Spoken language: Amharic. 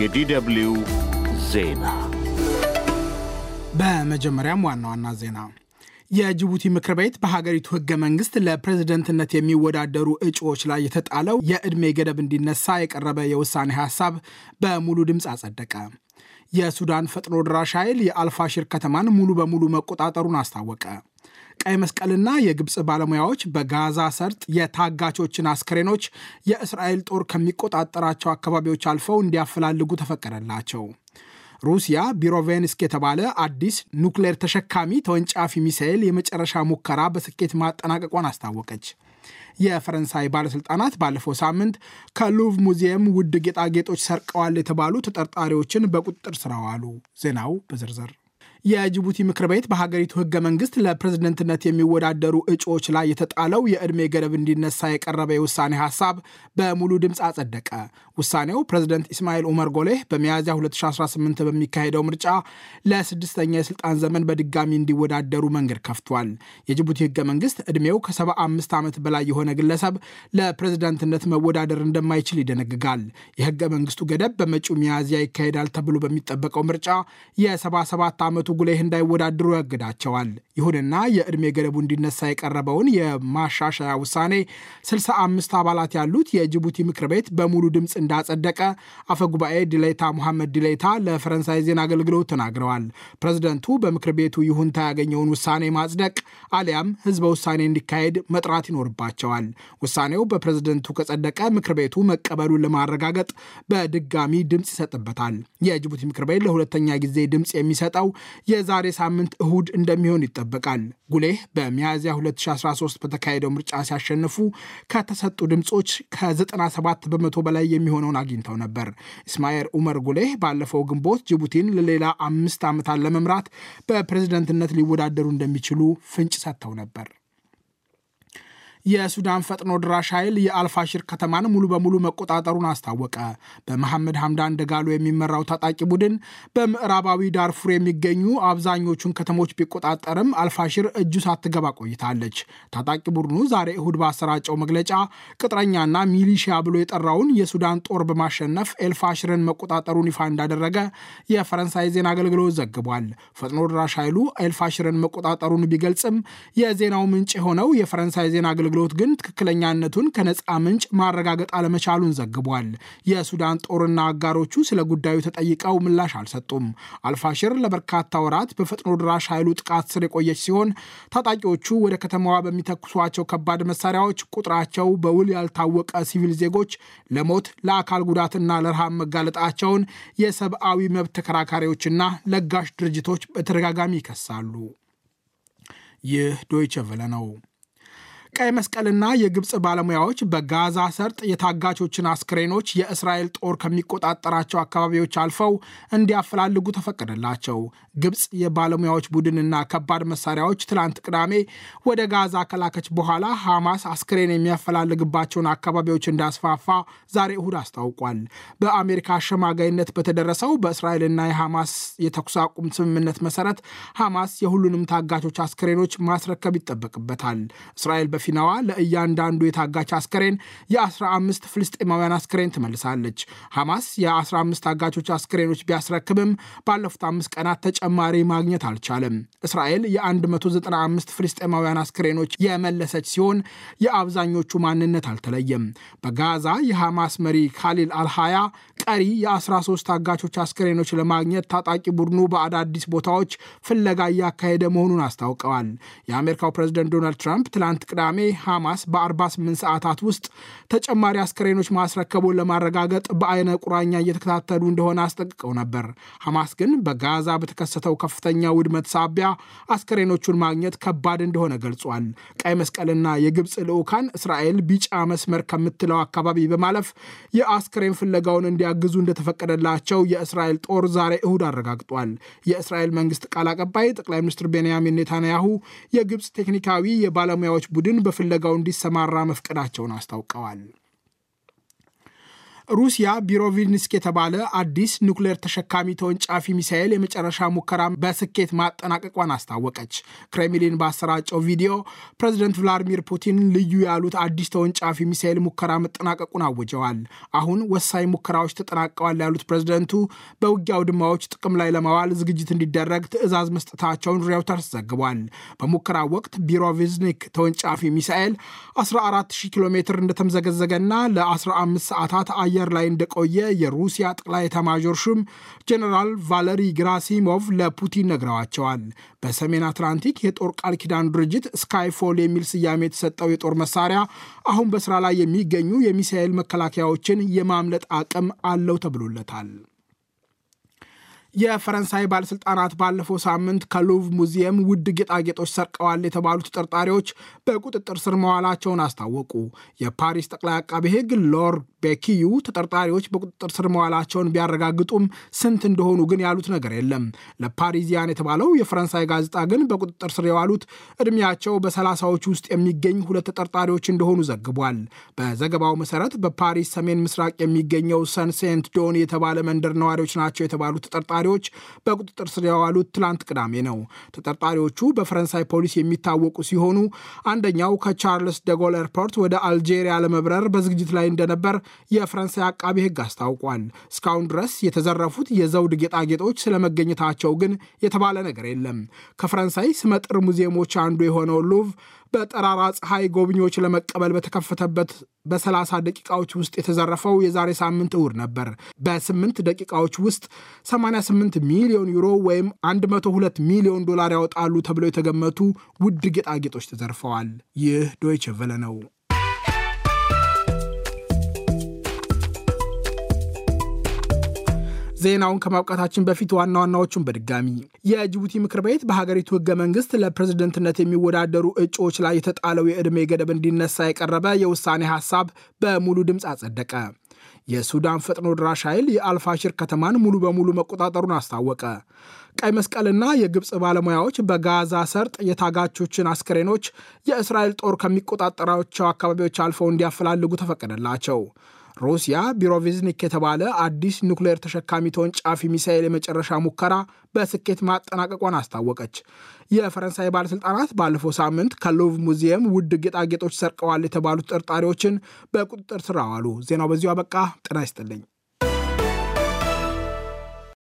የዲደብልዩ ዜና በመጀመሪያም ዋና ዋና ዜና የጅቡቲ ምክር ቤት በሀገሪቱ ህገ መንግስት ለፕሬዝደንትነት የሚወዳደሩ እጩዎች ላይ የተጣለው የዕድሜ ገደብ እንዲነሳ የቀረበ የውሳኔ ሀሳብ በሙሉ ድምፅ አጸደቀ። የሱዳን ፈጥኖ ድራሽ ኃይል የአልፋሽር ከተማን ሙሉ በሙሉ መቆጣጠሩን አስታወቀ። ቀይ መስቀልና የግብፅ ባለሙያዎች በጋዛ ሰርጥ የታጋቾችን አስክሬኖች የእስራኤል ጦር ከሚቆጣጠራቸው አካባቢዎች አልፈው እንዲያፈላልጉ ተፈቀደላቸው። ሩሲያ ቢሮቬንስክ የተባለ አዲስ ኑክሌር ተሸካሚ ተወንጫፊ ሚሳኤል የመጨረሻ ሙከራ በስኬት ማጠናቀቋን አስታወቀች። የፈረንሳይ ባለሥልጣናት ባለፈው ሳምንት ከሉቭ ሙዚየም ውድ ጌጣጌጦች ሰርቀዋል የተባሉ ተጠርጣሪዎችን በቁጥጥር ስር አዋሉ። ዜናው በዝርዝር የጅቡቲ ምክር ቤት በሀገሪቱ ህገ መንግስት ለፕሬዝደንትነት የሚወዳደሩ እጩዎች ላይ የተጣለው የዕድሜ ገደብ እንዲነሳ የቀረበ የውሳኔ ሀሳብ በሙሉ ድምፅ አጸደቀ። ውሳኔው ፕሬዝደንት ኢስማኤል ኡመር ጎሌህ በሚያዝያ 2018 በሚካሄደው ምርጫ ለስድስተኛ የስልጣን ዘመን በድጋሚ እንዲወዳደሩ መንገድ ከፍቷል። የጅቡቲ ህገ መንግስት ዕድሜው ከ75 ዓመት በላይ የሆነ ግለሰብ ለፕሬዝደንትነት መወዳደር እንደማይችል ይደነግጋል። የህገ መንግስቱ ገደብ በመጪው ሚያዝያ ይካሄዳል ተብሎ በሚጠበቀው ምርጫ የ77 ዓመቱ ጉሌህ እንዳይወዳደሩ ያግዳቸዋል። ይሁንና የዕድሜ ገደቡ እንዲነሳ የቀረበውን የማሻሻያ ውሳኔ 65 አባላት ያሉት የጅቡቲ ምክር ቤት በሙሉ ድምፅ እንዳጸደቀ አፈጉባኤ ድሌታ ሙሐመድ ድሌታ ለፈረንሳይ ዜና አገልግሎት ተናግረዋል። ፕሬዝደንቱ በምክር ቤቱ ይሁንታ ያገኘውን ውሳኔ ማጽደቅ አሊያም ህዝበ ውሳኔ እንዲካሄድ መጥራት ይኖርባቸዋል። ውሳኔው በፕሬዝደንቱ ከጸደቀ ምክር ቤቱ መቀበሉን ለማረጋገጥ በድጋሚ ድምፅ ይሰጥበታል። የጅቡቲ ምክር ቤት ለሁለተኛ ጊዜ ድምፅ የሚሰጠው የዛሬ ሳምንት እሁድ እንደሚሆን ይጠበቃል። ጉሌህ በሚያዝያ 2013 በተካሄደው ምርጫ ሲያሸንፉ ከተሰጡ ድምፆች ከ97 በመቶ በላይ የሚሆነውን አግኝተው ነበር። ኢስማኤል ኡመር ጉሌህ ባለፈው ግንቦት ጅቡቲን ለሌላ አምስት ዓመታት ለመምራት በፕሬዝደንትነት ሊወዳደሩ እንደሚችሉ ፍንጭ ሰጥተው ነበር። የሱዳን ፈጥኖ ድራሽ ኃይል የአልፋሽር ከተማን ሙሉ በሙሉ መቆጣጠሩን አስታወቀ። በመሐመድ ሐምዳን ደጋሎ የሚመራው ታጣቂ ቡድን በምዕራባዊ ዳርፉር የሚገኙ አብዛኞቹን ከተሞች ቢቆጣጠርም አልፋሽር እጁ ሳትገባ ቆይታለች። ታጣቂ ቡድኑ ዛሬ እሁድ ባሰራጨው መግለጫ ቅጥረኛና ሚሊሺያ ብሎ የጠራውን የሱዳን ጦር በማሸነፍ ኤልፋሽርን መቆጣጠሩን ይፋ እንዳደረገ የፈረንሳይ ዜና አገልግሎት ዘግቧል። ፈጥኖ ድራሽ ኃይሉ ኤልፋሽርን መቆጣጠሩን ቢገልጽም የዜናው ምንጭ የሆነው የፈረንሳይ ዜና አገልግሎት አገልግሎት ግን ትክክለኛነቱን ከነፃ ምንጭ ማረጋገጥ አለመቻሉን ዘግቧል። የሱዳን ጦርና አጋሮቹ ስለ ጉዳዩ ተጠይቀው ምላሽ አልሰጡም። አልፋሽር ለበርካታ ወራት በፈጥኖ ድራሽ ኃይሉ ጥቃት ስር የቆየች ሲሆን ታጣቂዎቹ ወደ ከተማዋ በሚተኩሷቸው ከባድ መሳሪያዎች ቁጥራቸው በውል ያልታወቀ ሲቪል ዜጎች ለሞት ለአካል ጉዳትና ለረሃብ መጋለጣቸውን የሰብአዊ መብት ተከራካሪዎችና ለጋሽ ድርጅቶች በተደጋጋሚ ይከሳሉ። ይህ ዶይቸ ቨለ ነው። ቀይ መስቀልና የግብፅ ባለሙያዎች በጋዛ ሰርጥ የታጋቾችን አስክሬኖች የእስራኤል ጦር ከሚቆጣጠራቸው አካባቢዎች አልፈው እንዲያፈላልጉ ተፈቀደላቸው። ግብፅ የባለሙያዎች ቡድንና ከባድ መሳሪያዎች ትላንት ቅዳሜ ወደ ጋዛ ከላከች በኋላ ሐማስ አስክሬን የሚያፈላልግባቸውን አካባቢዎች እንዳስፋፋ ዛሬ እሁድ አስታውቋል። በአሜሪካ አሸማጋይነት በተደረሰው በእስራኤልና የሐማስ የተኩስ አቁም ስምምነት መሰረት ሐማስ የሁሉንም ታጋቾች አስክሬኖች ማስረከብ ይጠበቅበታል። እስራኤል በፊ መኪናዋ ለእያንዳንዱ የታጋች አስከሬን የ15 ፍልስጤማውያን አስከሬን ትመልሳለች። ሐማስ የ15 ታጋቾች አስከሬኖች ቢያስረክብም ባለፉት አምስት ቀናት ተጨማሪ ማግኘት አልቻለም። እስራኤል የ195 ፍልስጤማውያን አስከሬኖች የመለሰች ሲሆን የአብዛኞቹ ማንነት አልተለየም። በጋዛ የሐማስ መሪ ካሊል አልሃያ ቀሪ የ13 ታጋቾች አስከሬኖች ለማግኘት ታጣቂ ቡድኑ በአዳዲስ ቦታዎች ፍለጋ እያካሄደ መሆኑን አስታውቀዋል። የአሜሪካው ፕሬዝደንት ዶናልድ ትራምፕ ትላንት ቅዳሜ ሐማስ በ48 ሰዓታት ውስጥ ተጨማሪ አስከሬኖች ማስረከቡን ለማረጋገጥ በአይነ ቁራኛ እየተከታተሉ እንደሆነ አስጠንቅቀው ነበር። ሐማስ ግን በጋዛ በተከሰተው ከፍተኛ ውድመት ሳቢያ አስከሬኖቹን ማግኘት ከባድ እንደሆነ ገልጿል። ቀይ መስቀልና የግብፅ ልዑካን እስራኤል ቢጫ መስመር ከምትለው አካባቢ በማለፍ የአስከሬን ፍለጋውን እንዲያ እንዲያግዙ እንደተፈቀደላቸው የእስራኤል ጦር ዛሬ እሁድ አረጋግጧል። የእስራኤል መንግስት ቃል አቀባይ ጠቅላይ ሚኒስትር ቤንያሚን ኔታንያሁ የግብፅ ቴክኒካዊ የባለሙያዎች ቡድን በፍለጋው እንዲሰማራ መፍቀዳቸውን አስታውቀዋል። ሩሲያ ቢሮቪልኒስክ የተባለ አዲስ ኒውክሌር ተሸካሚ ተወንጫፊ ሚሳኤል የመጨረሻ ሙከራ በስኬት ማጠናቀቋን አስታወቀች። ክሬምሊን ባሰራጨው ቪዲዮ ፕሬዚደንት ቭላዲሚር ፑቲን ልዩ ያሉት አዲስ ተወንጫፊ ሚሳኤል ሙከራ መጠናቀቁን አውጀዋል። አሁን ወሳኝ ሙከራዎች ተጠናቀዋል ያሉት ፕሬዚደንቱ በውጊያ ውድማዎች ጥቅም ላይ ለማዋል ዝግጅት እንዲደረግ ትዕዛዝ መስጠታቸውን ሬውተርስ ዘግቧል። በሙከራ ወቅት ቢሮቪዝኒክ ተወንጫፊ ሚሳኤል 140 ኪሎ ሜትር እንደተምዘገዘገና ለ15 ሰዓታት አየ አየር ላይ እንደቆየ የሩሲያ ጠቅላይ ኤታማዦር ሹም ጀኔራል ቫለሪ ግራሲሞቭ ለፑቲን ነግረዋቸዋል። በሰሜን አትላንቲክ የጦር ቃል ኪዳን ድርጅት ስካይፎል የሚል ስያሜ የተሰጠው የጦር መሳሪያ አሁን በስራ ላይ የሚገኙ የሚሳኤል መከላከያዎችን የማምለጥ አቅም አለው ተብሎለታል። የፈረንሳይ ባለስልጣናት ባለፈው ሳምንት ከሉቭ ሙዚየም ውድ ጌጣጌጦች ሰርቀዋል የተባሉ ተጠርጣሪዎች በቁጥጥር ስር መዋላቸውን አስታወቁ። የፓሪስ ጠቅላይ አቃቤ ሕግ ሎር ቤኪዩ ተጠርጣሪዎች በቁጥጥር ስር መዋላቸውን ቢያረጋግጡም ስንት እንደሆኑ ግን ያሉት ነገር የለም። ለፓሪዚያን የተባለው የፈረንሳይ ጋዜጣ ግን በቁጥጥር ስር የዋሉት እድሜያቸው በሰላሳዎች ውስጥ የሚገኝ ሁለት ተጠርጣሪዎች እንደሆኑ ዘግቧል። በዘገባው መሰረት በፓሪስ ሰሜን ምስራቅ የሚገኘው ሰን ሴንት የተባለ መንደር ነዋሪዎች ናቸው የተባሉት ተጠርጣሪ ተጠርጣሪዎች በቁጥጥር ስር የዋሉት ትላንት ቅዳሜ ነው። ተጠርጣሪዎቹ በፈረንሳይ ፖሊስ የሚታወቁ ሲሆኑ አንደኛው ከቻርልስ ደጎል ኤርፖርት ወደ አልጄሪያ ለመብረር በዝግጅት ላይ እንደነበር የፈረንሳይ አቃቢ ሕግ አስታውቋል። እስካሁን ድረስ የተዘረፉት የዘውድ ጌጣጌጦች ስለመገኘታቸው ግን የተባለ ነገር የለም። ከፈረንሳይ ስመጥር ሙዚየሞች አንዱ የሆነው ሉቭ በጠራራ ፀሐይ ጎብኚዎች ለመቀበል በተከፈተበት በ30 ደቂቃዎች ውስጥ የተዘረፈው የዛሬ ሳምንት እሁድ ነበር። በ8 ደቂቃዎች ውስጥ 88 ሚሊዮን ዩሮ ወይም 102 ሚሊዮን ዶላር ያወጣሉ ተብለው የተገመቱ ውድ ጌጣጌጦች ተዘርፈዋል። ይህ ዶይቸ ቨለ ነው። ዜናውን ከማብቃታችን በፊት ዋና ዋናዎቹን በድጋሚ የጅቡቲ ምክር ቤት በሀገሪቱ ህገ መንግስት ለፕሬዝደንትነት የሚወዳደሩ እጩዎች ላይ የተጣለው የዕድሜ ገደብ እንዲነሳ የቀረበ የውሳኔ ሀሳብ በሙሉ ድምፅ አጸደቀ። የሱዳን ፈጥኖ ድራሽ ኃይል የአልፋሽር ከተማን ሙሉ በሙሉ መቆጣጠሩን አስታወቀ። ቀይ መስቀልና የግብፅ ባለሙያዎች በጋዛ ሰርጥ የታጋቾችን አስክሬኖች የእስራኤል ጦር ከሚቆጣጠራቸው አካባቢዎች አልፈው እንዲያፈላልጉ ተፈቀደላቸው። ሩሲያ ቢሮቪዝኒክ የተባለ አዲስ ኒውክሌር ተሸካሚ ተወንጫፊ ሚሳኤል የመጨረሻ ሙከራ በስኬት ማጠናቀቋን አስታወቀች። የፈረንሳይ ባለሥልጣናት ባለፈው ሳምንት ከሎቭ ሙዚየም ውድ ጌጣጌጦች ሰርቀዋል የተባሉ ጠርጣሪዎችን በቁጥጥር ስር አዋሉ። ዜናው በዚሁ አበቃ። ጤና ይስጥልኝ።